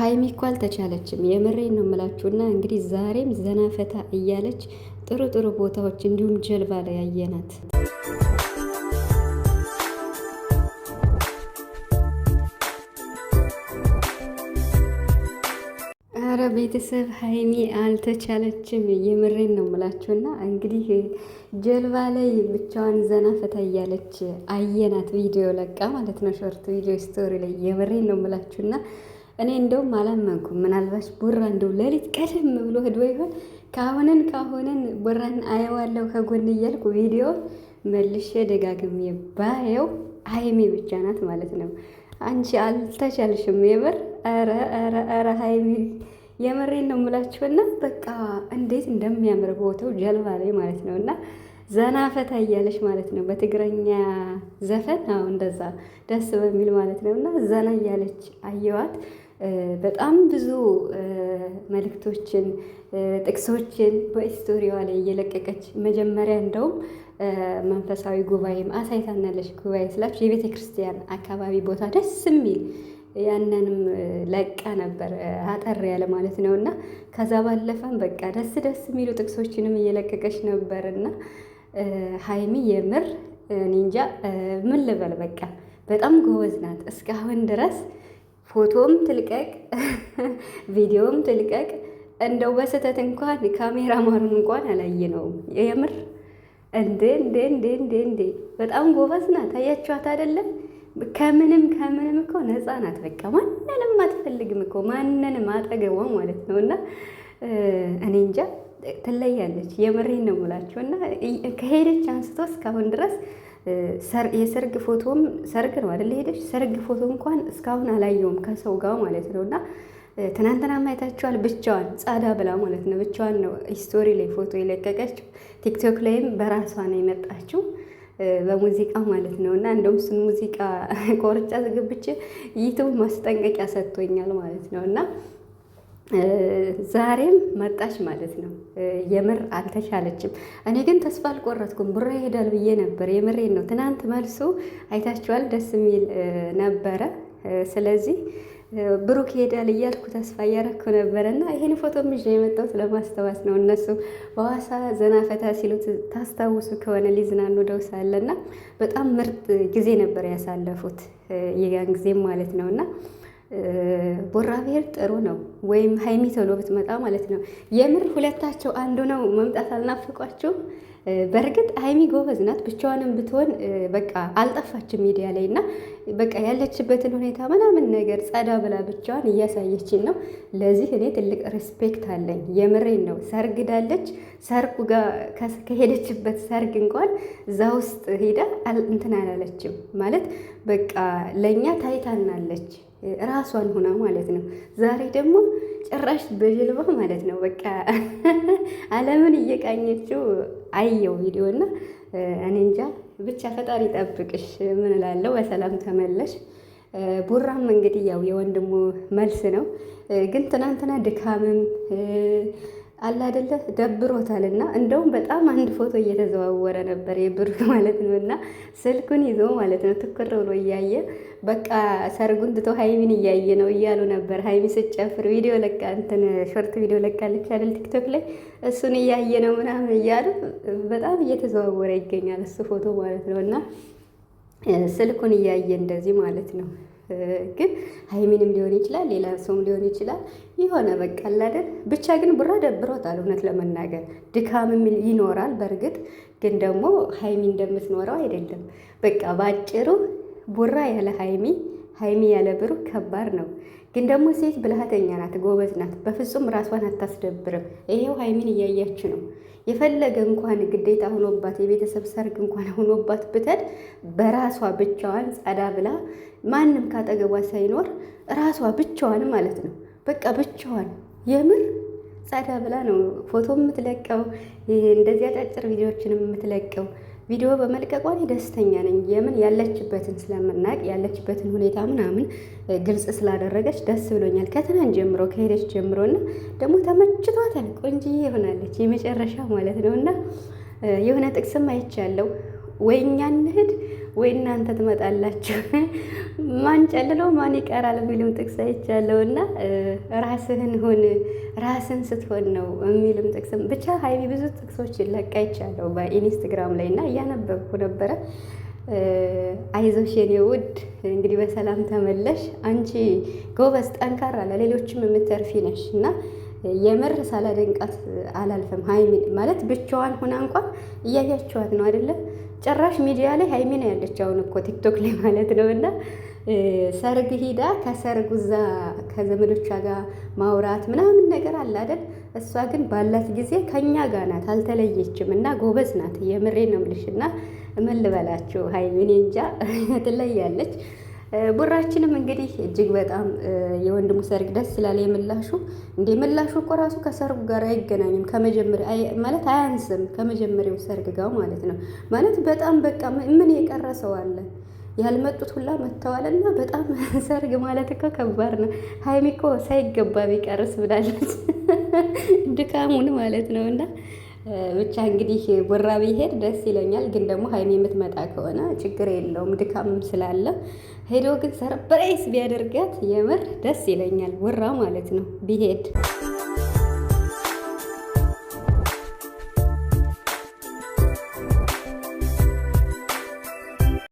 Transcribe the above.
ሀይሚ እኮ አልተቻለችም። የምሬን ነው የምላችሁና እንግዲህ ዛሬም ዘና ፈታ እያለች ጥሩ ጥሩ ቦታዎች እንዲሁም ጀልባ ላይ ያየናት ቤተሰብ ሀይሚ አልተቻለችም። የምሬን ነው የምላችሁና እንግዲህ ጀልባ ላይ ብቻዋን ዘና ፈታ እያለች አየናት። ቪዲዮ ለቃ ማለት ነው ሾርት ቪዲዮ ስቶሪ ላይ የምሬን ነው የምላችሁና እኔ እንደውም አላመንኩም። ምናልባች ቦራ እንደው ሌሊት ቀደም ብሎ ህድወ ይሆን ካሁንን ካሁንን ቦራን አየዋለሁ ከጎን እያልኩ ቪዲዮ መልሼ ደጋግሜ ባየው ሀይሜ ብቻ ናት ማለት ነው። አንቺ አልተቻልሽም የምር ኧረ ኧረ ኧረ ሀይሜ የምሬን ነው የምላችሁና በቃ እንዴት እንደሚያምር ቦታው ጀልባ ላይ ማለት ነው እና ዘና ፈታ እያለች ማለት ነው። በትግረኛ ዘፈን አሁ እንደዛ ደስ በሚል ማለት ነው እና ዘና እያለች አየዋት። በጣም ብዙ መልእክቶችን፣ ጥቅሶችን በስቶሪዋ ላይ እየለቀቀች መጀመሪያ እንደውም መንፈሳዊ ጉባኤም አሳይታናለች። ጉባኤ ስላችሁ የቤተ ክርስቲያን አካባቢ ቦታ ደስ የሚል ያንንም ለቃ ነበር አጠር ያለ ማለት ነው። እና ከዛ ባለፈም በቃ ደስ ደስ የሚሉ ጥቅሶችንም እየለቀቀች ነበር እና ሀይሚ የምር እኔ እንጃ ምን ልበል፣ በቃ በጣም ጎበዝ ናት እስካሁን ድረስ ፎቶም ትልቀቅ ቪዲዮም ትልቀቅ። እንደው በስህተት እንኳን ካሜራ ማሩን እንኳን ነው የምር እንዴ እንዴ እንዴ እንዴ እንዴ በጣም ጎበዝ ናት። አያችኋት አይደለም? ከምንም ከምንም እኮ ነፃ ናት። በቃ ማንንም አትፈልግም እኮ ማንንም አጠገቧ ማለት ነው። እና እኔ እንጃ ትለያለች። የምሬን ነው የምላችሁ እና ከሄደች አንስቶ እስካሁን ድረስ የሰርግ ፎቶም ሰርግ ነው አይደል? ሄደች ሰርግ ፎቶ እንኳን እስካሁን አላየውም ከሰው ጋር ማለት ነው። እና ትናንትና ማየታችኋል፣ ብቻዋን ጻዳ ብላ ማለት ነው። ብቻዋን ነው ስቶሪ ላይ ፎቶ የለቀቀችው። ቲክቶክ ላይም በራሷ ነው የመጣችው በሙዚቃ ማለት ነው። እና እንደውም እሱን ሙዚቃ ቆርጫ ዝግብቼ ዩቱብ ማስጠንቀቂያ ሰጥቶኛል ማለት ነው እና ዛሬም መጣች ማለት ነው። የምር አልተቻለችም። እኔ ግን ተስፋ አልቆረጥኩም። ብሬ ይሄዳል ብዬ ነበር። የምሬን ነው። ትናንት መልሱ አይታችኋል፣ ደስ የሚል ነበረ። ስለዚህ ብሩክ ይሄዳል እያልኩ ተስፋ እያረኩ ነበረ እና ይሄን ፎቶ ይዤ የመጣሁት ለማስታወስ ነው። እነሱ በሐዋሳ ዘና ፈታ ታስታውሱ ከሆነ ሊዝናኑ ደው ሳለና በጣም ምርጥ ጊዜ ነበር ያሳለፉት የጋን ጊዜም ማለት ነው እና ቦራ ብሄር ጥሩ ነው ወይም ሀይሚ ተሎ ብትመጣ ማለት ነው። የምር ሁለታቸው አንዱ ነው መምጣት አልናፍቋችሁ በእርግጥ ሀይሚ ጎበዝ ናት። ብቻዋንም ብትሆን በቃ አልጠፋችም ሚዲያ ላይ እና በቃ ያለችበትን ሁኔታ ምናምን ነገር ጸዳ ብላ ብቻዋን እያሳየችን ነው። ለዚህ እኔ ትልቅ ሪስፔክት አለኝ። የምሬን ነው። ሰርግ ሰርጉ ጋር ከሄደችበት ሰርግ እንኳን እዛ ውስጥ ሄዳ እንትን አላለችም ማለት በቃ ለእኛ ታይታናለች ራሷን ሆና ማለት ነው። ዛሬ ደግሞ ጭራሽ በጀልባ ማለት ነው። በቃ አለምን እየቃኘችው አየው ቪዲዮ እና እኔ እንጃ ብቻ ፈጣሪ ጠብቅሽ። ምን እላለሁ? በሰላም ተመለሽ። ቡራም እንግዲህ ያው የወንድሙ መልስ ነው። ግን ትናንትና ድካምም አለ አይደለ ደብሮታል። እና እንደውም በጣም አንድ ፎቶ እየተዘዋወረ ነበር የብሩክ ማለት ነው። እና ስልኩን ይዞ ማለት ነው ትኩር ብሎ እያየ በቃ ሰርጉን ትቶ ሀይሚን እያየ ነው እያሉ ነበር። ሀይሚ ስጨፍር ቪዲዮ ለቃ እንትን ሾርት ቪዲዮ ለቃለች አይደል ቲክቶክ ላይ እሱን እያየ ነው ምናምን እያሉ በጣም እየተዘዋወረ ይገኛል እሱ ፎቶ ማለት ነው። እና ስልኩን እያየ እንደዚህ ማለት ነው። ግን ሀይሚንም ሊሆን ይችላል፣ ሌላ ሰውም ሊሆን ይችላል። የሆነ በቃ አይደል ብቻ ግን ቡራ ደብሮታል። እውነት ለመናገር ድካምም ይኖራል። በእርግጥ ግን ደግሞ ሀይሚ እንደምትኖረው አይደለም። በቃ ባጭሩ ቡራ ያለ ሀይሚ፣ ሀይሚ ያለ ብሩ ከባድ ነው። ግን ደግሞ ሴት ብልሃተኛ ናት፣ ጎበዝ ናት። በፍጹም ራሷን አታስደብርም። ይሄው ሀይሚን እያያች ነው። የፈለገ እንኳን ግዴታ ሆኖባት የቤተሰብ ሰርግ እንኳን ሆኖባት ብተድ በራሷ ብቻዋን ጸዳ ብላ ማንም ካጠገቧ ሳይኖር ራሷ ብቻዋን ማለት ነው። በቃ ብቻዋን የምር ጸዳ ብላ ነው ፎቶ የምትለቀው፣ እንደዚህ አጫጭር ቪዲዮዎችንም የምትለቀው። ቪዲዮ በመልቀቋ እኔ ደስተኛ ነኝ። የምን ያለችበትን ስለምናቅ ያለችበትን ሁኔታ ምናምን ግልጽ ስላደረገች ደስ ብሎኛል። ከትናንት ጀምሮ ከሄደች ጀምሮ እና ደግሞ ተመችቷታል። ቆንጅዬ ሆናለች የመጨረሻ ማለት ነው እና የሆነ ጥቅስም አይቻለው ወይ እኛ እንሂድ ወይ እናንተ ትመጣላችሁ፣ ማን ጨልለው ማን ይቀራል የሚልም ጥቅስ አይቻለው እና ራስህን ሁን ራስን ስትሆን ነው የሚልም ጥቅስም ብቻ ሀይሚ ብዙ ጥቅሶች ለቃ ይቻለው በኢንስታግራም ላይ እና እያነበብኩ ነበረ። አይዞሽ የኔ ውድ እንግዲህ በሰላም ተመለሽ። አንቺ ጎበዝ፣ ጠንካራ ለሌሎችም የምትርፊ ነሽ እና የምር ሳላደንቃት አላልፈም። ሀይሚን ማለት ብቻዋን ሆና እንኳን እያያችኋት ነው አይደለም ጭራሽ ሚዲያ ላይ ሀይሚ ነው ያለች አሁን እኮ ቲክቶክ ላይ ማለት ነው። እና ሰርግ ሂዳ ከሰርጉ እዛ ከዘመዶቿ ጋር ማውራት ምናምን ነገር አለ አይደል? እሷ ግን ባላት ጊዜ ከኛ ጋር ናት፣ አልተለየችም። እና ጎበዝ ናት። የምሬ ነው የምልሽ። እና ምን ልበላችሁ ሀይሚ እኔ እንጃ ትለያለች። ቡራችንም እንግዲህ እጅግ በጣም የወንድሙ ሰርግ ደስ ይላል የምላሹ እንዴ ምላሹ እኮ ራሱ ከሰርጉ ጋር አይገናኝም። ከመጀመሪያ ማለት አያንስም፣ ከመጀመሪያው ሰርግ ጋር ማለት ነው። ማለት በጣም በቃ ምን የቀረ አለ? ያልመጡት ሁላ መጥተዋልና በጣም ሰርግ ማለት እኮ ከባድ ነው። ሀይሚ እኮ ሳይገባ ቢቀርስ ብላለች፣ ድካሙን ማለት ነው እና ብቻ እንግዲህ ጉራ ቢሄድ ደስ ይለኛል። ግን ደግሞ ሀይሚ የምትመጣ ከሆነ ችግር የለውም ድካምም ስላለ ሄዶ ግን ሰርፕራይዝ ቢያደርጋት የምር ደስ ይለኛል። ጉራ ማለት ነው ቢሄድ